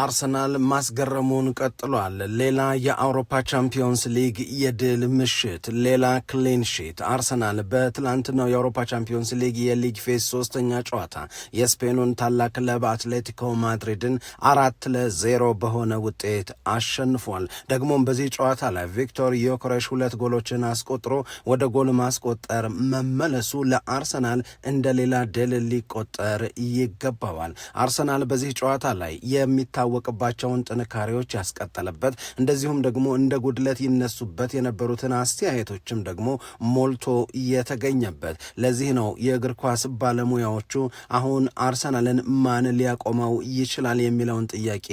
አርሰናል ማስገረሙን ቀጥሏል። ሌላ የአውሮፓ ቻምፒዮንስ ሊግ የድል ምሽት፣ ሌላ ክሊንሺት። አርሰናል በትላንትናው የአውሮፓ ቻምፒዮንስ ሊግ የሊግ ፌስ ሶስተኛ ጨዋታ የስፔኑን ታላቅ ክለብ አትሌቲኮ ማድሪድን አራት ለዜሮ በሆነ ውጤት አሸንፏል። ደግሞም በዚህ ጨዋታ ላይ ቪክቶር ዮከሬሽ ሁለት ጎሎችን አስቆጥሮ ወደ ጎል ማስቆጠር መመለሱ ለአርሰናል እንደ ሌላ ድል ሊቆጠር ይገባዋል። አርሰናል በዚህ ጨዋታ ላይ የሚታ የሚታወቅባቸውን ጥንካሬዎች ያስቀጠለበት እንደዚሁም ደግሞ እንደ ጉድለት ይነሱበት የነበሩትን አስተያየቶችም ደግሞ ሞልቶ የተገኘበት። ለዚህ ነው የእግር ኳስ ባለሙያዎቹ አሁን አርሰናልን ማን ሊያቆመው ይችላል የሚለውን ጥያቄ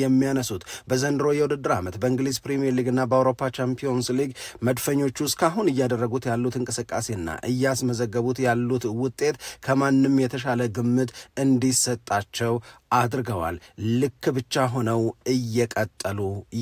የሚያነሱት። በዘንድሮ የውድድር ዓመት በእንግሊዝ ፕሪምየር ሊግና በአውሮፓ ቻምፒዮንስ ሊግ መድፈኞቹ እስካሁን እያደረጉት ያሉት እንቅስቃሴና እያስመዘገቡት ያሉት ውጤት ከማንም የተሻለ ግምት እንዲሰጣቸው አድርገዋል። ልክ ብቻ ሆነው እየቀጠሉ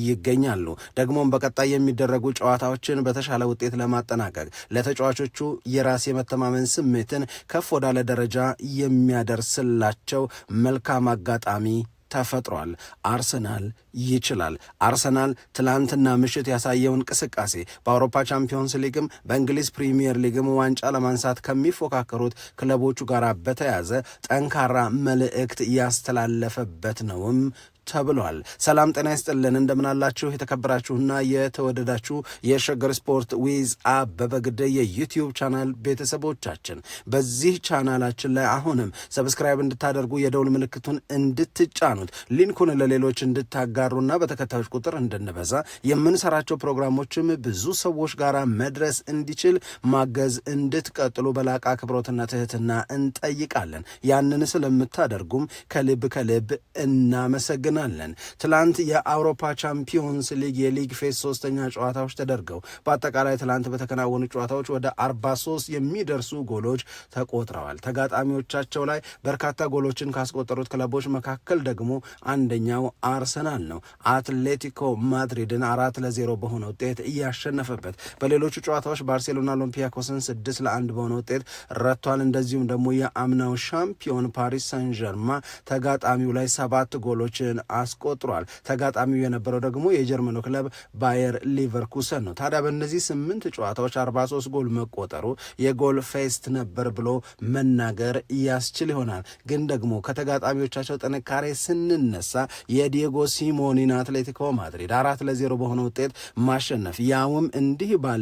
ይገኛሉ። ደግሞም በቀጣይ የሚደረጉ ጨዋታዎችን በተሻለ ውጤት ለማጠናቀቅ ለተጫዋቾቹ የራስ የመተማመን ስሜትን ከፍ ወዳለ ደረጃ የሚያደርስላቸው መልካም አጋጣሚ ተፈጥሯል። አርሰናል ይችላል። አርሰናል ትላንትና ምሽት ያሳየው እንቅስቃሴ በአውሮፓ ቻምፒዮንስ ሊግም በእንግሊዝ ፕሪሚየር ሊግም ዋንጫ ለማንሳት ከሚፎካከሩት ክለቦቹ ጋር በተያዘ ጠንካራ መልእክት ያስተላለፈበት ነውም ተብሏል። ሰላም ጤና ይስጥልን፣ እንደምናላችሁ የተከበራችሁና የተወደዳችሁ የሸገር ስፖርት ዊዝ አበበ ግደይ የዩትዩብ ቻናል ቤተሰቦቻችን በዚህ ቻናላችን ላይ አሁንም ሰብስክራይብ እንድታደርጉ የደውል ምልክቱን እንድትጫኑት ሊንኩን ለሌሎች እንድታጋሩና በተከታዮች ቁጥር እንድንበዛ የምንሰራቸው ፕሮግራሞችም ብዙ ሰዎች ጋር መድረስ እንዲችል ማገዝ እንድትቀጥሉ በላቀ አክብሮትና ትህትና እንጠይቃለን። ያንን ስለምታደርጉም ከልብ ከልብ እናመሰግናል። እናመሰግናለን። ትላንት የአውሮፓ ቻምፒዮንስ ሊግ የሊግ ፌስ ሶስተኛ ጨዋታዎች ተደርገው በአጠቃላይ ትላንት በተከናወኑ ጨዋታዎች ወደ 43 የሚደርሱ ጎሎች ተቆጥረዋል። ተጋጣሚዎቻቸው ላይ በርካታ ጎሎችን ካስቆጠሩት ክለቦች መካከል ደግሞ አንደኛው አርሰናል ነው። አትሌቲኮ ማድሪድን አራት ለዜሮ በሆነ ውጤት እያሸነፈበት በሌሎቹ ጨዋታዎች ባርሴሎና ኦሎምፒያኮስን ስድስት ለአንድ በሆነ ውጤት ረቷል። እንደዚሁም ደግሞ የአምናው ሻምፒዮን ፓሪስ ሳን ጀርማ ተጋጣሚው ላይ ሰባት ጎሎችን አስቆጥሯል። ተጋጣሚው የነበረው ደግሞ የጀርመኑ ክለብ ባየር ሊቨርኩሰን ነው። ታዲያ በእነዚህ ስምንት ጨዋታዎች 43 ጎል መቆጠሩ የጎል ፌስት ነበር ብሎ መናገር ያስችል ይሆናል። ግን ደግሞ ከተጋጣሚዎቻቸው ጥንካሬ ስንነሳ የዲየጎ ሲሞኒን አትሌቲኮ ማድሪድ አራት ለዜሮ በሆነ ውጤት ማሸነፍ ያውም እንዲህ ባለ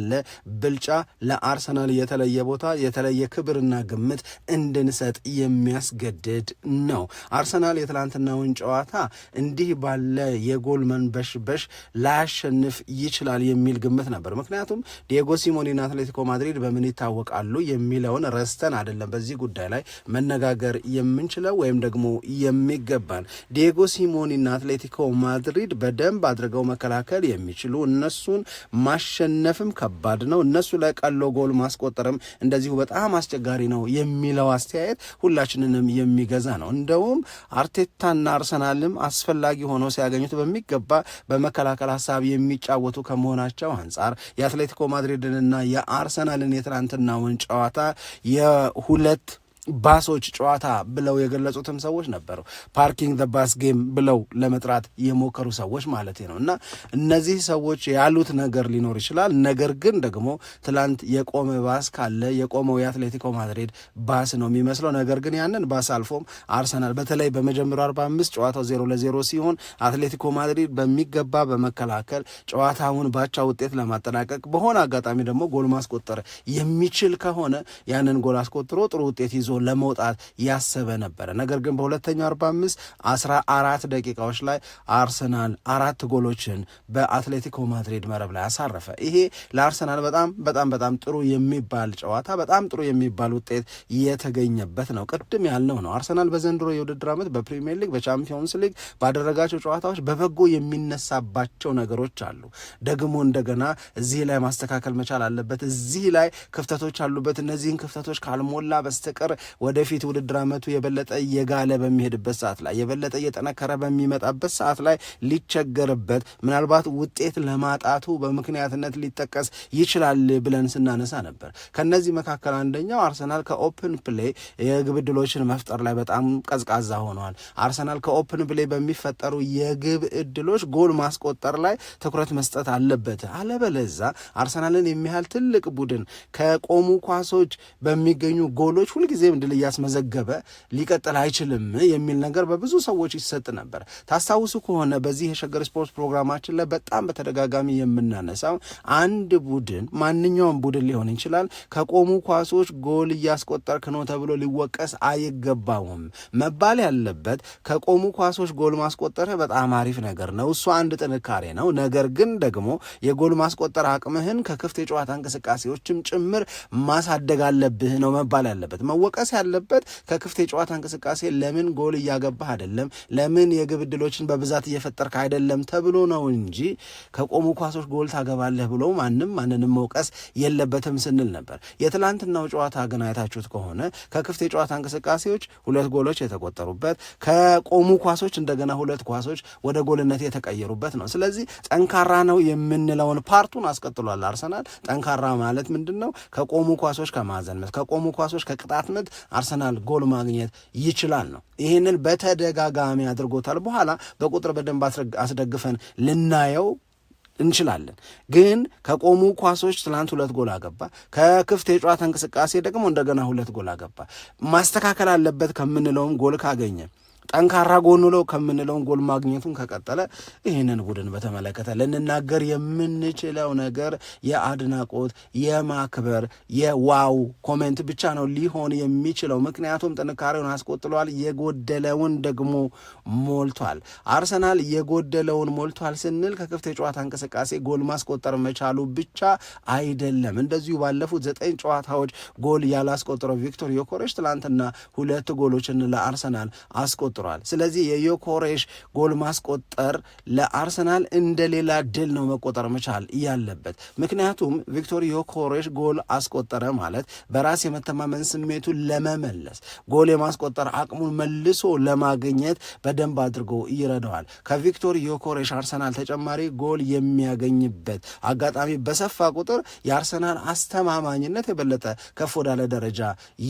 ብልጫ ለአርሰናል የተለየ ቦታ የተለየ ክብርና ግምት እንድንሰጥ የሚያስገድድ ነው። አርሰናል የትላንትናውን ጨዋታ እንዲህ ባለ የጎል መንበሽበሽ ላያሸንፍ ይችላል የሚል ግምት ነበር። ምክንያቱም ዲየጎ ሲሞኔና አትሌቲኮ ማድሪድ በምን ይታወቃሉ የሚለውን ረስተን አይደለም በዚህ ጉዳይ ላይ መነጋገር የምንችለው ወይም ደግሞ የሚገባን። ዲየጎ ሲሞኔና አትሌቲኮ ማድሪድ በደንብ አድርገው መከላከል የሚችሉ እነሱን ማሸነፍም ከባድ ነው፣ እነሱ ላይ ቀሎ ጎል ማስቆጠርም እንደዚሁ በጣም አስቸጋሪ ነው የሚለው አስተያየት ሁላችንንም የሚገዛ ነው። እንደውም አርቴታና አርሰናልም አስፈላጊ ሆኖ ሲያገኙት በሚገባ በመከላከል ሀሳብ የሚጫወቱ ከመሆናቸው አንጻር የአትሌቲኮ ማድሪድንና የአርሰናልን የትናንትናውን ጨዋታ የሁለት ባሶች ጨዋታ ብለው የገለጹትም ሰዎች ነበሩ። ፓርኪንግ ዘ ባስ ጌም ብለው ለመጥራት የሞከሩ ሰዎች ማለት ነው። እና እነዚህ ሰዎች ያሉት ነገር ሊኖር ይችላል። ነገር ግን ደግሞ ትላንት የቆመ ባስ ካለ የቆመው የአትሌቲኮ ማድሪድ ባስ ነው የሚመስለው። ነገር ግን ያንን ባስ አልፎም አርሰናል በተለይ በመጀመሪያው 45 ጨዋታው ዜሮ ለዜሮ ሲሆን አትሌቲኮ ማድሪድ በሚገባ በመከላከል ጨዋታውን ባቻ ውጤት ለማጠናቀቅ በሆነ አጋጣሚ ደግሞ ጎል ማስቆጠር የሚችል ከሆነ ያንን ጎል አስቆጥሮ ጥሩ ውጤት ይዞ ለመውጣት ያሰበ ነበረ። ነገር ግን በሁለተኛው 45 14 ደቂቃዎች ላይ አርሰናል አራት ጎሎችን በአትሌቲኮ ማድሪድ መረብ ላይ አሳረፈ። ይሄ ለአርሰናል በጣም በጣም በጣም ጥሩ የሚባል ጨዋታ፣ በጣም ጥሩ የሚባል ውጤት የተገኘበት ነው። ቅድም ያልነው ነው። አርሰናል በዘንድሮ የውድድር ዓመት በፕሪሚየር ሊግ፣ በቻምፒዮንስ ሊግ ባደረጋቸው ጨዋታዎች በበጎ የሚነሳባቸው ነገሮች አሉ። ደግሞ እንደገና እዚህ ላይ ማስተካከል መቻል አለበት። እዚህ ላይ ክፍተቶች አሉበት። እነዚህን ክፍተቶች ካልሞላ በስተቀር ወደፊት ውድድር ዓመቱ የበለጠ እየጋለ በሚሄድበት ሰዓት ላይ የበለጠ እየጠነከረ በሚመጣበት ሰዓት ላይ ሊቸገርበት ምናልባት ውጤት ለማጣቱ በምክንያትነት ሊጠቀስ ይችላል ብለን ስናነሳ ነበር። ከነዚህ መካከል አንደኛው አርሰናል ከኦፕን ፕሌይ የግብ እድሎችን መፍጠር ላይ በጣም ቀዝቃዛ ሆኗል። አርሰናል ከኦፕን ፕሌይ በሚፈጠሩ የግብ እድሎች ጎል ማስቆጠር ላይ ትኩረት መስጠት አለበት። አለበለዛ አርሰናልን የሚያህል ትልቅ ቡድን ከቆሙ ኳሶች በሚገኙ ጎሎች ሁልጊዜ ሁልጊዜም ድል እያስመዘገበ ሊቀጥል አይችልም የሚል ነገር በብዙ ሰዎች ይሰጥ ነበር። ታስታውሱ ከሆነ በዚህ የሸገር ስፖርት ፕሮግራማችን ላይ በጣም በተደጋጋሚ የምናነሳው አንድ ቡድን ማንኛውም ቡድን ሊሆን ይችላል ከቆሙ ኳሶች ጎል እያስቆጠርክ ነው ተብሎ ሊወቀስ አይገባውም። መባል ያለበት ከቆሙ ኳሶች ጎል ማስቆጠርህ በጣም አሪፍ ነገር ነው፣ እሱ አንድ ጥንካሬ ነው። ነገር ግን ደግሞ የጎል ማስቆጠር አቅምህን ከክፍት የጨዋታ እንቅስቃሴዎችም ጭምር ማሳደግ አለብህ ነው መባል ያለበት መወቀ መጠቀስ ያለበት ከክፍት የጨዋታ እንቅስቃሴ ለምን ጎል እያገባህ አይደለም፣ ለምን የግብ ዕድሎችን በብዛት እየፈጠርክ አይደለም ተብሎ ነው እንጂ ከቆሙ ኳሶች ጎል ታገባለህ ብሎ ማንም ማንንም መውቀስ የለበትም ስንል ነበር። የትላንትናው ጨዋታ ግን አይታችሁት ከሆነ ከክፍት የጨዋታ እንቅስቃሴዎች ሁለት ጎሎች የተቆጠሩበት ከቆሙ ኳሶች እንደገና ሁለት ኳሶች ወደ ጎልነት የተቀየሩበት ነው። ስለዚህ ጠንካራ ነው የምንለውን ፓርቱን አስቀጥሏል አርሰናል። ጠንካራ ማለት ምንድን ነው? ከቆሙ ኳሶች ከማዘንመት ከቆሙ ኳሶች ከቅጣት ምት አርሰናል ጎል ማግኘት ይችላል ነው። ይህንን በተደጋጋሚ አድርጎታል። በኋላ በቁጥር በደንብ አስደግፈን ልናየው እንችላለን ግን ከቆሙ ኳሶች ትላንት ሁለት ጎል አገባ። ከክፍት የጨዋታ እንቅስቃሴ ደግሞ እንደገና ሁለት ጎል አገባ። ማስተካከል አለበት ከምንለውም ጎል ካገኘ ጠንካራ ጎን ለው ከምንለውን ጎል ማግኘቱን ከቀጠለ ይህንን ቡድን በተመለከተ ልንናገር የምንችለው ነገር የአድናቆት የማክበር የዋው ኮሜንት ብቻ ነው ሊሆን የሚችለው። ምክንያቱም ጥንካሬውን አስቆጥሏል፣ የጎደለውን ደግሞ ሞልቷል። አርሰናል የጎደለውን ሞልቷል ስንል ከክፍት የጨዋታ እንቅስቃሴ ጎል ማስቆጠር መቻሉ ብቻ አይደለም። እንደዚሁ ባለፉት ዘጠኝ ጨዋታዎች ጎል ያላስቆጠረው ቪክቶር ዮኮሬሽ ትላንትና ሁለት ጎሎችን ለአርሰናል አስቆጥ ተቆጥሯል። ስለዚህ የዮኮሬሽ ጎል ማስቆጠር ለአርሰናል እንደሌላ ድል ነው መቆጠር መቻል ያለበት። ምክንያቱም ቪክቶር ዮኮሬሽ ጎል አስቆጠረ ማለት በራስ የመተማመን ስሜቱ ለመመለስ ጎል የማስቆጠር አቅሙን መልሶ ለማግኘት በደንብ አድርጎ ይረዳዋል። ከቪክቶር ዮኮሬሽ አርሰናል ተጨማሪ ጎል የሚያገኝበት አጋጣሚ በሰፋ ቁጥር የአርሰናል አስተማማኝነት የበለጠ ከፍ ወዳለ ደረጃ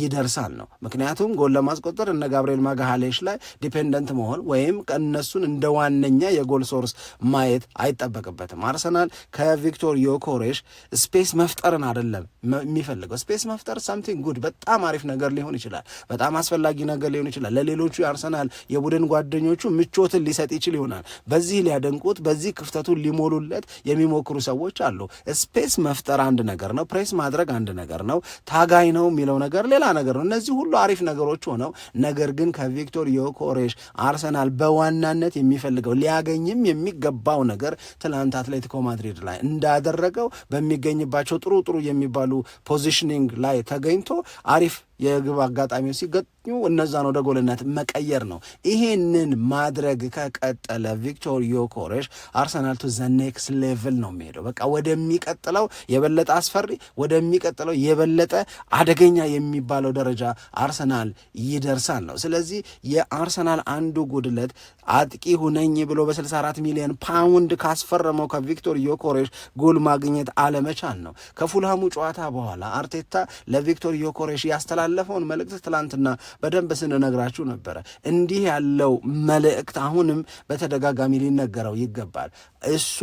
ይደርሳል ነው። ምክንያቱም ጎል ለማስቆጠር እነ ጋብርኤል ማጋሃሌሽ ላይ ዲፔንደንት መሆን ወይም እነሱን እንደ ዋነኛ የጎል ሶርስ ማየት አይጠበቅበትም። አርሰናል ከቪክቶር ዮኮሬሽ ስፔስ መፍጠርን አይደለም የሚፈልገው። ስፔስ መፍጠር ሳምቲንግ ጉድ በጣም አሪፍ ነገር ሊሆን ይችላል፣ በጣም አስፈላጊ ነገር ሊሆን ይችላል። ለሌሎቹ የአርሰናል የቡድን ጓደኞቹ ምቾትን ሊሰጥ ይችል ይሆናል። በዚህ ሊያደንቁት፣ በዚህ ክፍተቱን ሊሞሉለት የሚሞክሩ ሰዎች አሉ። ስፔስ መፍጠር አንድ ነገር ነው፣ ፕሬስ ማድረግ አንድ ነገር ነው፣ ታጋይ ነው የሚለው ነገር ሌላ ነገር ነው። እነዚህ ሁሉ አሪፍ ነገሮች ሆነው ነገር ግን ከቪክቶር ዮኮ ጊዮሬሽ አርሰናል በዋናነት የሚፈልገው ሊያገኝም የሚገባው ነገር ትናንት አትሌቲኮ ማድሪድ ላይ እንዳደረገው በሚገኝባቸው ጥሩ ጥሩ የሚባሉ ፖዚሽኒንግ ላይ ተገኝቶ አሪፍ የግብ አጋጣሚ ሲገጥሙ እነዛን ወደ ጎልነት መቀየር ነው። ይሄንን ማድረግ ከቀጠለ ቪክቶር ዮኮሬሽ አርሰናል ቱ ዘ ኔክስት ሌቭል ነው የሚሄደው። በቃ ወደሚቀጥለው የበለጠ አስፈሪ፣ ወደሚቀጥለው የበለጠ አደገኛ የሚባለው ደረጃ አርሰናል ይደርሳል ነው። ስለዚህ የአርሰናል አንዱ ጉድለት አጥቂ ሁነኝ ብሎ በ64 ሚሊዮን ፓውንድ ካስፈረመው ከቪክቶር ዮኮሬሽ ጎል ማግኘት አለመቻል ነው። ከፉልሃሙ ጨዋታ በኋላ አርቴታ ለቪክቶር ዮኮሬሽ ያስተላለፈውን መልእክት ትላንትና በደንብ ስንነግራችሁ ነበረ። እንዲህ ያለው መልእክት አሁንም በተደጋጋሚ ሊነገረው ይገባል እሱ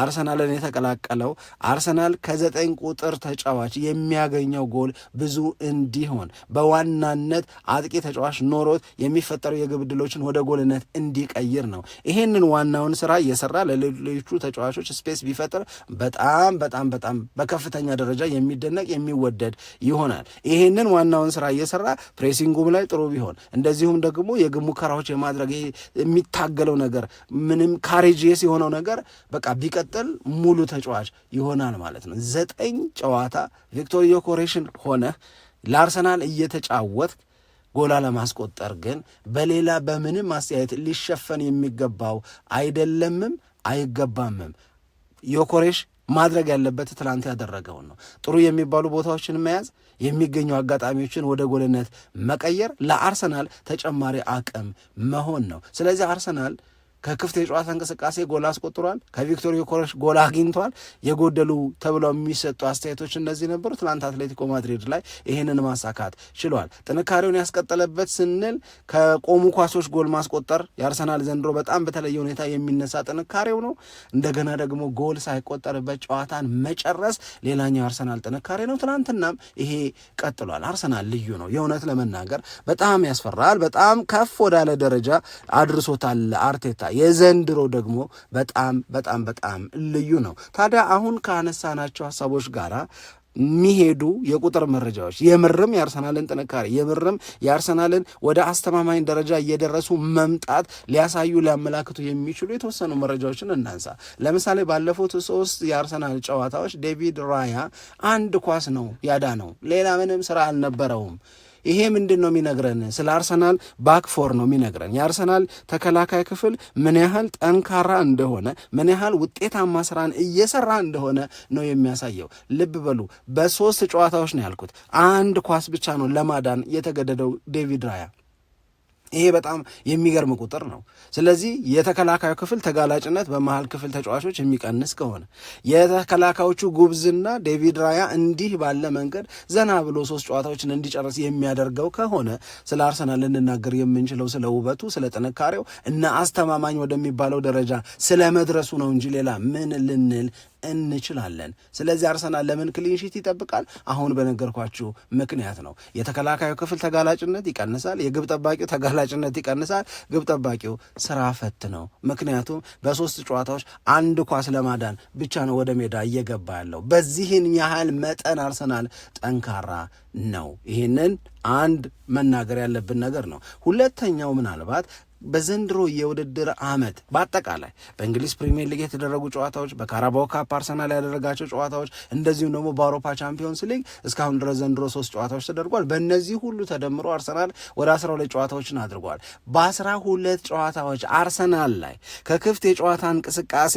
አርሰናልን የተቀላቀለው አርሰናል ከዘጠኝ ቁጥር ተጫዋች የሚያገኘው ጎል ብዙ እንዲሆን በዋናነት አጥቂ ተጫዋች ኖሮት የሚፈጠሩ የግብ ዕድሎችን ወደ ጎልነት እንዲቀይር ነው። ይሄንን ዋናውን ስራ እየሰራ ለሌሎቹ ተጫዋቾች ስፔስ ቢፈጥር በጣም በጣም በጣም በከፍተኛ ደረጃ የሚደነቅ የሚወደድ ይሆናል። ይሄንን ዋናውን ስራ እየሰራ ፕሬሲንጉም ላይ ጥሩ ቢሆን፣ እንደዚሁም ደግሞ የግብ ሙከራዎች የማድረግ የሚታገለው ነገር ምንም ካሬጅ የሆነው ነገር በቃ ቢቀጥ ሲቀጥል ሙሉ ተጫዋች ይሆናል ማለት ነው። ዘጠኝ ጨዋታ ቪክቶር ዮኮሬሽን ሆነህ ለአርሰናል እየተጫወትክ ጎላ ለማስቆጠር ግን በሌላ በምንም አስተያየት ሊሸፈን የሚገባው አይደለምም አይገባምም። ዮኮሬሽ ማድረግ ያለበት ትላንት ያደረገውን ነው። ጥሩ የሚባሉ ቦታዎችን መያዝ፣ የሚገኙ አጋጣሚዎችን ወደ ጎልነት መቀየር ለአርሰናል ተጨማሪ አቅም መሆን ነው። ስለዚህ አርሰናል ከክፍት የጨዋታ እንቅስቃሴ ጎል አስቆጥሯል። ከቪክቶር ዮከረስ ጎል አግኝቷል። የጎደሉ ተብለው የሚሰጡ አስተያየቶች እነዚህ ነበሩ። ትናንት አትሌቲኮ ማድሪድ ላይ ይህንን ማሳካት ችሏል። ጥንካሬውን ያስቀጠለበት ስንል ከቆሙ ኳሶች ጎል ማስቆጠር የአርሰናል ዘንድሮ በጣም በተለየ ሁኔታ የሚነሳ ጥንካሬው ነው። እንደገና ደግሞ ጎል ሳይቆጠርበት ጨዋታን መጨረስ ሌላኛው የአርሰናል ጥንካሬ ነው። ትናንትናም ይሄ ቀጥሏል። አርሰናል ልዩ ነው። የእውነት ለመናገር በጣም ያስፈራል። በጣም ከፍ ወዳለ ደረጃ አድርሶታል አርቴታ የዘንድሮ ደግሞ በጣም በጣም በጣም ልዩ ነው። ታዲያ አሁን ካነሳናቸው ሀሳቦች ጋር የሚሄዱ የቁጥር መረጃዎች የምርም የአርሰናልን ጥንካሬ የምርም የአርሰናልን ወደ አስተማማኝ ደረጃ እየደረሱ መምጣት ሊያሳዩ ሊያመላክቱ የሚችሉ የተወሰኑ መረጃዎችን እናንሳ። ለምሳሌ ባለፉት ሶስት የአርሰናል ጨዋታዎች ዴቪድ ራያ አንድ ኳስ ነው ያዳ ነው። ሌላ ምንም ስራ አልነበረውም። ይሄ ምንድን ነው የሚነግረን? ስለ አርሰናል ባክፎር ነው የሚነግረን። የአርሰናል ተከላካይ ክፍል ምን ያህል ጠንካራ እንደሆነ፣ ምን ያህል ውጤታማ ስራን እየሰራ እንደሆነ ነው የሚያሳየው። ልብ በሉ በሶስት ጨዋታዎች ነው ያልኩት፣ አንድ ኳስ ብቻ ነው ለማዳን የተገደደው ዴቪድ ራያ ይሄ በጣም የሚገርም ቁጥር ነው። ስለዚህ የተከላካዩ ክፍል ተጋላጭነት በመሀል ክፍል ተጫዋቾች የሚቀንስ ከሆነ የተከላካዮቹ ጉብዝና ዴቪድ ራያ እንዲህ ባለ መንገድ ዘና ብሎ ሶስት ጨዋታዎችን እንዲጨርስ የሚያደርገው ከሆነ ስለ አርሰናል ልንናገር የምንችለው ስለ ውበቱ፣ ስለ ጥንካሬው እና አስተማማኝ ወደሚባለው ደረጃ ስለ መድረሱ ነው እንጂ ሌላ ምን ልንል እንችላለን። ስለዚህ አርሰናል ለምን ክሊንሺት ይጠብቃል? አሁን በነገርኳችሁ ምክንያት ነው። የተከላካዩ ክፍል ተጋላጭነት ይቀንሳል። የግብ ጠባቂው ተጋላጭነት ይቀንሳል። ግብ ጠባቂው ስራ ፈት ነው። ምክንያቱም በሶስት ጨዋታዎች አንድ ኳስ ለማዳን ብቻ ነው ወደ ሜዳ እየገባ ያለው። በዚህን ያህል መጠን አርሰናል ጠንካራ ነው። ይህንን አንድ መናገር ያለብን ነገር ነው። ሁለተኛው ምናልባት በዘንድሮ የውድድር ዓመት በአጠቃላይ በእንግሊዝ ፕሪሚየር ሊግ የተደረጉ ጨዋታዎች፣ በካራባው ካፕ አርሰናል ያደረጋቸው ጨዋታዎች፣ እንደዚሁም ደግሞ በአውሮፓ ቻምፒዮንስ ሊግ እስካሁን ድረስ ዘንድሮ ሶስት ጨዋታዎች ተደርጓል። በእነዚህ ሁሉ ተደምሮ አርሰናል ወደ አስራ ሁለት ጨዋታዎችን አድርጓል። በአስራ ሁለት ጨዋታዎች አርሰናል ላይ ከክፍት የጨዋታ እንቅስቃሴ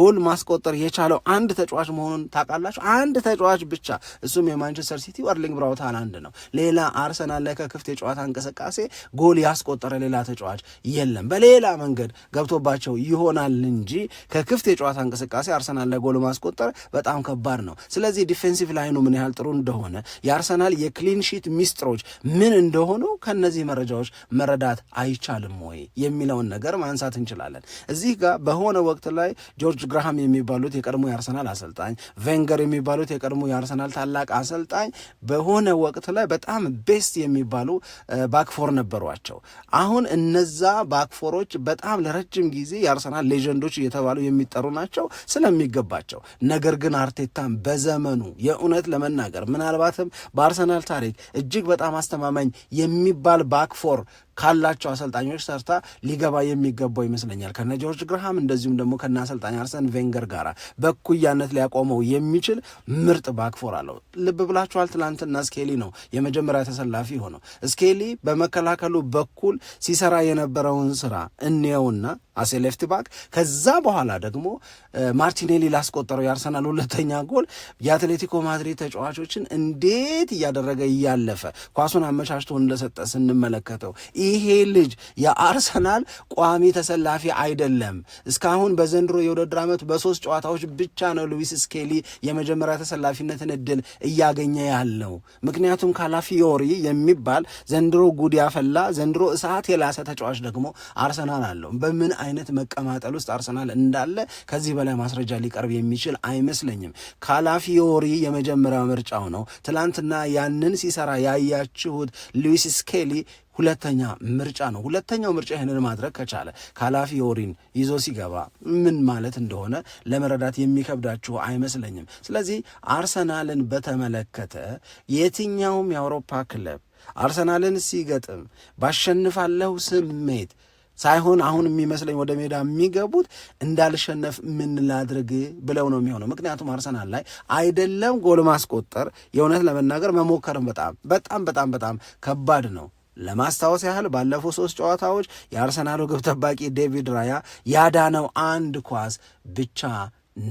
ጎል ማስቆጠር የቻለው አንድ ተጫዋች መሆኑን ታውቃላችሁ። አንድ ተጫዋች ብቻ፣ እሱም የማንቸስተር ሲቲ አርሊንግ ብራውት ሃላንድ ነው። ሌላ አርሰናል ላይ ከክፍት የጨዋታ እንቅስቃሴ ጎል ያስቆጠረ ሌላ ተጫዋች የለም። በሌላ መንገድ ገብቶባቸው ይሆናል እንጂ ከክፍት የጨዋታ እንቅስቃሴ አርሰናል ለጎል ማስቆጠር በጣም ከባድ ነው። ስለዚህ ዲፌንሲቭ ላይኑ ምን ያህል ጥሩ እንደሆነ የአርሰናል የክሊንሺት ሚስጥሮች ምን እንደሆኑ ከነዚህ መረጃዎች መረዳት አይቻልም ወይ የሚለውን ነገር ማንሳት እንችላለን። እዚህ ጋር በሆነ ወቅት ላይ ጆርጅ ግራሃም የሚባሉት የቀድሞ የአርሰናል አሰልጣኝ፣ ቬንገር የሚባሉት የቀድሞ የአርሰናል ታላቅ አሰልጣኝ በሆነ ወቅት ላይ በጣም ቤስት የሚባሉ ባክፎር ነበሯቸው። አሁን እነዛ ባክፎሮች በጣም ለረጅም ጊዜ የአርሰናል ሌጀንዶች እየተባሉ የሚጠሩ ናቸው ስለሚገባቸው። ነገር ግን አርቴታን በዘመኑ የእውነት ለመናገር ምናልባትም በአርሰናል ታሪክ እጅግ በጣም አስተማማኝ የሚባል ባክፎር ካላቸው አሰልጣኞች ሰርታ ሊገባ የሚገባው ይመስለኛል። ከነ ጆርጅ ግርሃም እንደዚሁም ደግሞ ከነ አሰልጣኝ አርሰን ቬንገር ጋር በኩያነት ሊያቆመው የሚችል ምርጥ ባክፎር አለው። ልብ ብላችኋል፣ ትላንትና ስኬሊ ነው የመጀመሪያ ተሰላፊ ሆነው። ስኬሊ በመከላከሉ በኩል ሲሰራ የነበረውን ስራ እንየውና አሴ ሌፍት ባክ። ከዛ በኋላ ደግሞ ማርቲኔሊ ላስቆጠረው የአርሰናል ሁለተኛ ጎል የአትሌቲኮ ማድሪድ ተጫዋቾችን እንዴት እያደረገ እያለፈ ኳሱን አመቻችቶ እንደሰጠ ስንመለከተው ይሄ ልጅ የአርሰናል ቋሚ ተሰላፊ አይደለም። እስካሁን በዘንድሮ የውድድር ዓመት በሶስት ጨዋታዎች ብቻ ነው ሉዊስ ስኬሊ የመጀመሪያ ተሰላፊነትን እድል እያገኘ ያለው። ምክንያቱም ካላፊዮሪ የሚባል ዘንድሮ ጉድ ያፈላ ዘንድሮ እሳት የላሰ ተጫዋች ደግሞ አርሰናል አለው በምን አይነት መቀማጠል ውስጥ አርሰናል እንዳለ ከዚህ በላይ ማስረጃ ሊቀርብ የሚችል አይመስለኝም። ካላፊዮሪ የመጀመሪያ ምርጫው ነው። ትናንትና ያንን ሲሰራ ያያችሁት ሉዊስ ስኬሊ ሁለተኛ ምርጫ ነው። ሁለተኛው ምርጫ ይህንን ማድረግ ከቻለ ካላፊዮሪን ይዞ ሲገባ ምን ማለት እንደሆነ ለመረዳት የሚከብዳችሁ አይመስለኝም። ስለዚህ አርሰናልን በተመለከተ የትኛውም የአውሮፓ ክለብ አርሰናልን ሲገጥም ባሸንፋለሁ ስሜት ሳይሆን አሁን የሚመስለኝ ወደ ሜዳ የሚገቡት እንዳልሸነፍ ምን ላድርግ ብለው ነው የሚሆነው። ምክንያቱም አርሰናል ላይ አይደለም ጎል ማስቆጠር የእውነት ለመናገር መሞከርም በጣም በጣም በጣም በጣም ከባድ ነው። ለማስታወስ ያህል ባለፉት ሶስት ጨዋታዎች የአርሰናሉ ግብ ጠባቂ ዴቪድ ራያ ያዳነው አንድ ኳስ ብቻ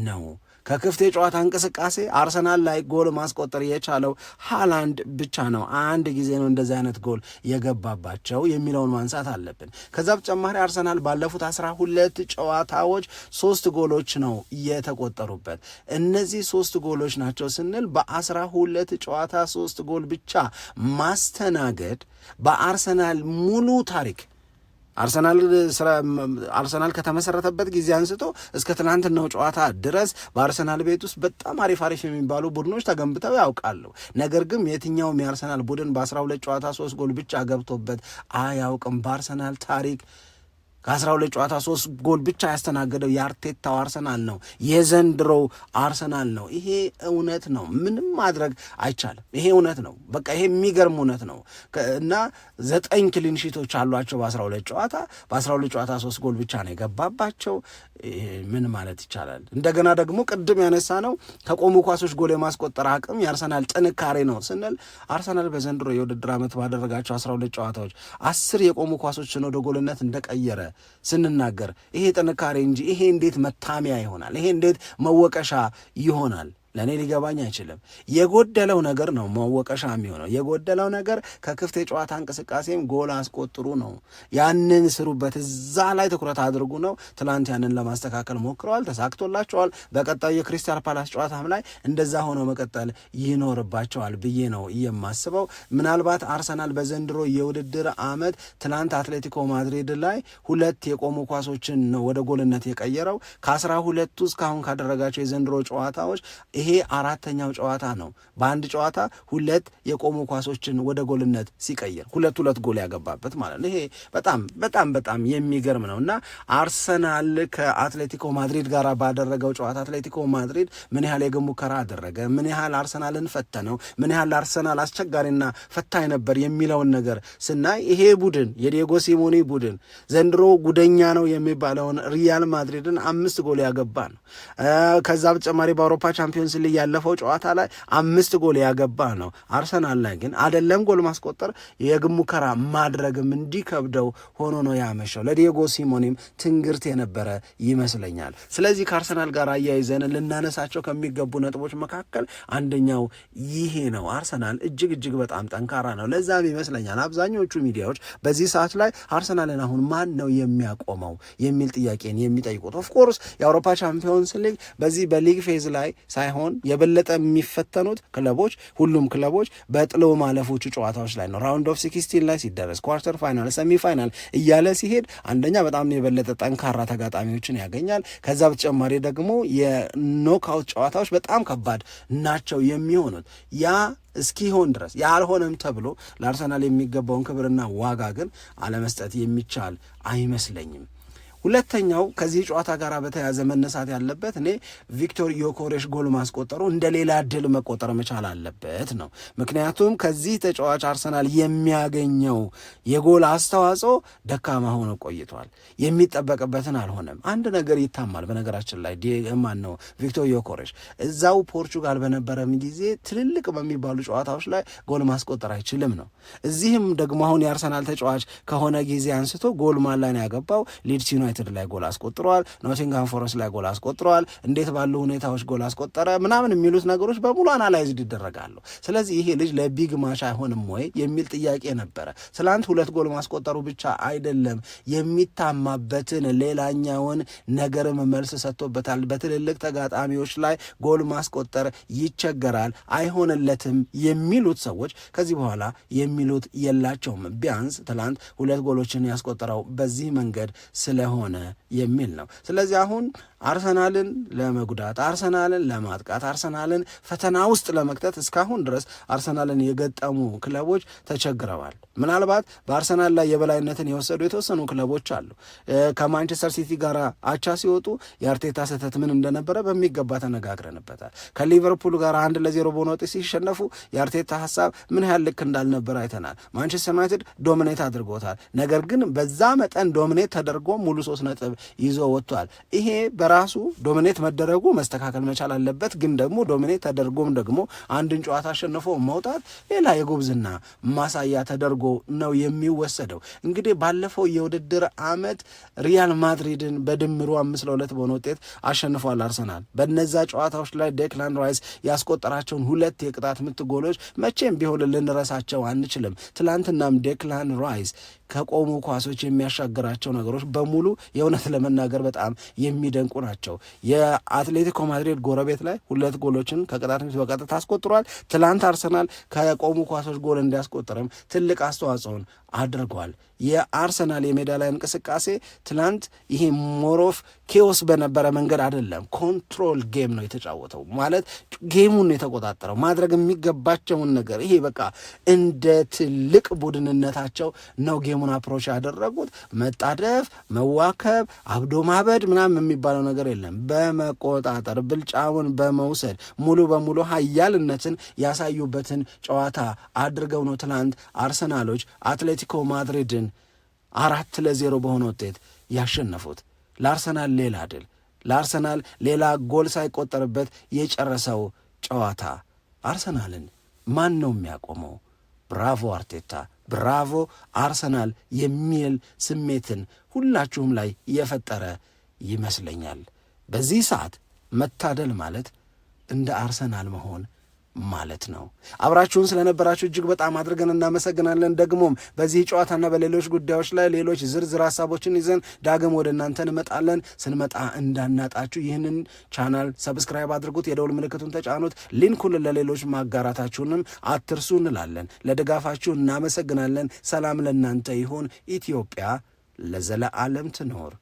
ነው። ከክፍት የጨዋታ እንቅስቃሴ አርሰናል ላይ ጎል ማስቆጠር የቻለው ሃላንድ ብቻ ነው። አንድ ጊዜ ነው እንደዚህ አይነት ጎል የገባባቸው የሚለውን ማንሳት አለብን። ከዛ በተጨማሪ አርሰናል ባለፉት አስራ ሁለት ጨዋታዎች ሶስት ጎሎች ነው የተቆጠሩበት። እነዚህ ሶስት ጎሎች ናቸው ስንል በአስራ ሁለት ጨዋታ ሶስት ጎል ብቻ ማስተናገድ በአርሰናል ሙሉ ታሪክ አርሰናል አርሰናል ከተመሰረተበት ጊዜ አንስቶ እስከ ትናንትናው ጨዋታ ድረስ በአርሰናል ቤት ውስጥ በጣም አሪፍ አሪፍ የሚባሉ ቡድኖች ተገንብተው ያውቃሉ። ነገር ግን የትኛውም የአርሰናል ቡድን በአስራ ሁለት ጨዋታ ሶስት ጎል ብቻ ገብቶበት አያውቅም በአርሰናል ታሪክ ከአስራ ሁለት ጨዋታ ሶስት ጎል ብቻ ያስተናገደው የአርቴታው አርሰናል ነው፣ የዘንድሮው አርሰናል ነው። ይሄ እውነት ነው፣ ምንም ማድረግ አይቻልም። ይሄ እውነት ነው፣ በቃ ይሄ የሚገርም እውነት ነው እና ዘጠኝ ክሊንሺቶች አሏቸው በአስራ ሁለት ጨዋታ በ ሁለት ጨዋታ ሶስት ጎል ብቻ ነው የገባባቸው። ምን ማለት ይቻላል? እንደገና ደግሞ ቅድም ያነሳ ነው ከቆሙ ኳሶች ጎል የማስቆጠር አቅም የአርሰናል ጥንካሬ ነው ስንል አርሰናል በዘንድሮ የውድድር ዓመት ባደረጋቸው ሁለት ጨዋታዎች አስር የቆሙ ኳሶችን ወደ ጎልነት እንደቀየረ ስንናገር ይሄ ጥንካሬ እንጂ ይሄ እንዴት መታሚያ ይሆናል? ይሄ እንዴት መወቀሻ ይሆናል? ለእኔ ሊገባኝ አይችልም። የጎደለው ነገር ነው መወቀሻ የሚሆነው። የጎደለው ነገር ከክፍት የጨዋታ እንቅስቃሴም ጎል አስቆጥሩ ነው። ያንን ስሩበት፣ እዛ ላይ ትኩረት አድርጉ ነው። ትናንት ያንን ለማስተካከል ሞክረዋል፣ ተሳክቶላቸዋል። በቀጣዩ የክሪስታል ፓላስ ጨዋታም ላይ እንደዛ ሆነው መቀጠል ይኖርባቸዋል ብዬ ነው የማስበው። ምናልባት አርሰናል በዘንድሮ የውድድር አመት ትናንት አትሌቲኮ ማድሪድ ላይ ሁለት የቆሙ ኳሶችን ነው ወደ ጎልነት የቀየረው ከአስራ ሁለቱ እስካሁን ካደረጋቸው የዘንድሮ ጨዋታዎች ይሄ አራተኛው ጨዋታ ነው። በአንድ ጨዋታ ሁለት የቆሙ ኳሶችን ወደ ጎልነት ሲቀይር ሁለት ሁለት ጎል ያገባበት ማለት ነው። ይሄ በጣም በጣም በጣም የሚገርም ነው እና አርሰናል ከአትሌቲኮ ማድሪድ ጋር ባደረገው ጨዋታ አትሌቲኮ ማድሪድ ምን ያህል የግብ ሙከራ አደረገ፣ ምን ያህል አርሰናልን ፈተነው፣ ምን ያህል አርሰናል አስቸጋሪና ፈታኝ ነበር የሚለውን ነገር ስናይ ይሄ ቡድን የዲየጎ ሲሞኒ ቡድን ዘንድሮ ጉደኛ ነው የሚባለውን ሪያል ማድሪድን አምስት ጎል ያገባ ነው። ከዛ በተጨማሪ በአውሮፓ ቻምፒዮንስ ቻምፒየንስ ሊግ ያለፈው ጨዋታ ላይ አምስት ጎል ያገባ ነው። አርሰናል ላይ ግን አደለም ጎል ማስቆጠር የግብ ሙከራ ማድረግም እንዲከብደው ሆኖ ነው ያመሸው። ለዲየጎ ሲሞኔም ትንግርት የነበረ ይመስለኛል። ስለዚህ ከአርሰናል ጋር አያይዘን ልናነሳቸው ከሚገቡ ነጥቦች መካከል አንደኛው ይሄ ነው። አርሰናል እጅግ እጅግ በጣም ጠንካራ ነው። ለዛም ይመስለኛል አብዛኞቹ ሚዲያዎች በዚህ ሰዓት ላይ አርሰናልን አሁን ማን ነው የሚያቆመው የሚል ጥያቄን የሚጠይቁት። ኦፍኮርስ የአውሮፓ ቻምፒዮንስ ሊግ በዚህ በሊግ ፌዝ ላይ ሳይሆን አሁን የበለጠ የሚፈተኑት ክለቦች ሁሉም ክለቦች በጥሎ ማለፎቹ ጨዋታዎች ላይ ነው። ራውንድ ኦፍ ሲክስቲን ላይ ሲደረስ ኳርተር ፋይናል፣ ሰሚ ፋይናል እያለ ሲሄድ አንደኛ በጣም የበለጠ ጠንካራ ተጋጣሚዎችን ያገኛል። ከዛ በተጨማሪ ደግሞ የኖክአውት ጨዋታዎች በጣም ከባድ ናቸው የሚሆኑት ያ እስኪሆን ድረስ ያልሆነም ተብሎ ለአርሰናል የሚገባውን ክብርና ዋጋ ግን አለመስጠት የሚቻል አይመስለኝም። ሁለተኛው ከዚህ ጨዋታ ጋር በተያያዘ መነሳት ያለበት እኔ ቪክቶር ዮኮሬሽ ጎል ማስቆጠሩ እንደ ሌላ ድል መቆጠር መቻል አለበት ነው። ምክንያቱም ከዚህ ተጫዋች አርሰናል የሚያገኘው የጎል አስተዋጽኦ ደካማ ሆኖ ቆይቷል። የሚጠበቅበትን አልሆነም። አንድ ነገር ይታማል። በነገራችን ላይ ማን ነው ቪክቶር ዮኮሬሽ እዛው ፖርቹጋል በነበረም ጊዜ ትልልቅ በሚባሉ ጨዋታዎች ላይ ጎል ማስቆጠር አይችልም ነው። እዚህም ደግሞ አሁን የአርሰናል ተጫዋች ከሆነ ጊዜ አንስቶ ጎል ማላን ያገባው? ሊድሲኖ ዩናይትድ ላይ ጎል አስቆጥሯል ኖቲንግሃም ፎረስት ላይ ጎል አስቆጥሯል እንዴት ባሉ ሁኔታዎች ጎል አስቆጠረ ምናምን የሚሉት ነገሮች በሙሉ አናላይዝድ ይደረጋሉ። ስለዚህ ይሄ ልጅ ለቢግ ማሽ አይሆንም ወይ የሚል ጥያቄ ነበረ። ትላንት ሁለት ጎል ማስቆጠሩ ብቻ አይደለም የሚታማበትን ሌላኛውን ነገርም መልስ ሰጥቶበታል። በትልልቅ ተጋጣሚዎች ላይ ጎል ማስቆጠር ይቸገራል፣ አይሆንለትም የሚሉት ሰዎች ከዚህ በኋላ የሚሉት የላቸውም። ቢያንስ ትላንት ሁለት ጎሎችን ያስቆጠረው በዚህ መንገድ ስለሆነ ሆነ የሚል ነው። ስለዚህ አሁን አርሰናልን ለመጉዳት፣ አርሰናልን ለማጥቃት፣ አርሰናልን ፈተና ውስጥ ለመክተት እስካሁን ድረስ አርሰናልን የገጠሙ ክለቦች ተቸግረዋል። ምናልባት በአርሰናል ላይ የበላይነትን የወሰዱ የተወሰኑ ክለቦች አሉ። ከማንቸስተር ሲቲ ጋር አቻ ሲወጡ የአርቴታ ስህተት ምን እንደነበረ በሚገባ ተነጋግረንበታል። ከሊቨርፑል ጋር አንድ ለዜሮ በሆነ ውጤት ሲሸነፉ የአርቴታ ሀሳብ ምን ያህል ልክ እንዳልነበረ አይተናል። ማንቸስተር ዩናይትድ ዶሚኔት አድርጎታል። ነገር ግን በዛ መጠን ዶሚኔት ተደርጎ ሙሉ ሶስት ነጥብ ይዞ ወጥቷል። ይሄ በራሱ ዶሚኔት መደረጉ መስተካከል መቻል አለበት። ግን ደግሞ ዶሚኔት ተደርጎም ደግሞ አንድን ጨዋታ አሸንፎ መውጣት ሌላ የጉብዝና ማሳያ ተደርጎ ነው የሚወሰደው። እንግዲህ ባለፈው የውድድር ዓመት ሪያል ማድሪድን በድምሩ አምስት ለሁለት በሆነ ውጤት አሸንፏል አርሰናል። በነዛ ጨዋታዎች ላይ ዴክላን ራይስ ያስቆጠራቸውን ሁለት የቅጣት ምት ጎሎች መቼም ቢሆን ልንረሳቸው አንችልም። ትላንትናም ዴክላን ራይስ ከቆሙ ኳሶች የሚያሻግራቸው ነገሮች በሙሉ የእውነት ለመናገር በጣም የሚደንቁ ናቸው። የአትሌቲኮ ማድሪድ ጎረቤት ላይ ሁለት ጎሎችን ከቅጣት ምት በቀጥታ አስቆጥሯል። ትላንት አርሰናል ከቆሙ ኳሶች ጎል እንዲያስቆጥርም ትልቅ አስተዋጽኦን አድርጓል። የአርሰናል የሜዳ ላይ እንቅስቃሴ ትናንት ይሄ ሞሮፍ ኬዎስ በነበረ መንገድ አይደለም፣ ኮንትሮል ጌም ነው የተጫወተው። ማለት ጌሙን የተቆጣጠረው፣ ማድረግ የሚገባቸውን ነገር። ይሄ በቃ እንደ ትልቅ ቡድንነታቸው ነው ጌሙን አፕሮች ያደረጉት። መጣደፍ፣ መዋከብ፣ አብዶ ማበድ ምናምን የሚባለው ነገር የለም። በመቆጣጠር ብልጫውን በመውሰድ ሙሉ በሙሉ ኃያልነትን ያሳዩበትን ጨዋታ አድርገው ነው ትላንት አርሰናሎች አትሌት አትሌቲኮ ማድሪድን አራት ለዜሮ በሆነ ውጤት ያሸነፉት ለአርሰናል ሌላ ድል ለአርሰናል ሌላ ጎል ሳይቆጠርበት የጨረሰው ጨዋታ አርሰናልን ማን ነው የሚያቆመው? ብራቮ አርቴታ፣ ብራቮ አርሰናል የሚል ስሜትን ሁላችሁም ላይ የፈጠረ ይመስለኛል። በዚህ ሰዓት መታደል ማለት እንደ አርሰናል መሆን ማለት ነው። አብራችሁን ስለነበራችሁ እጅግ በጣም አድርገን እናመሰግናለን። ደግሞም በዚህ ጨዋታና በሌሎች ጉዳዮች ላይ ሌሎች ዝርዝር ሀሳቦችን ይዘን ዳግም ወደ እናንተ እንመጣለን። ስንመጣ እንዳናጣችሁ ይህንን ቻናል ሰብስክራይብ አድርጉት፣ የደውል ምልክቱን ተጫኑት፣ ሊንኩን ለሌሎች ማጋራታችሁንም አትርሱ እንላለን። ለድጋፋችሁ እናመሰግናለን። ሰላም ለእናንተ ይሁን። ኢትዮጵያ ለዘለዓለም ትኖር።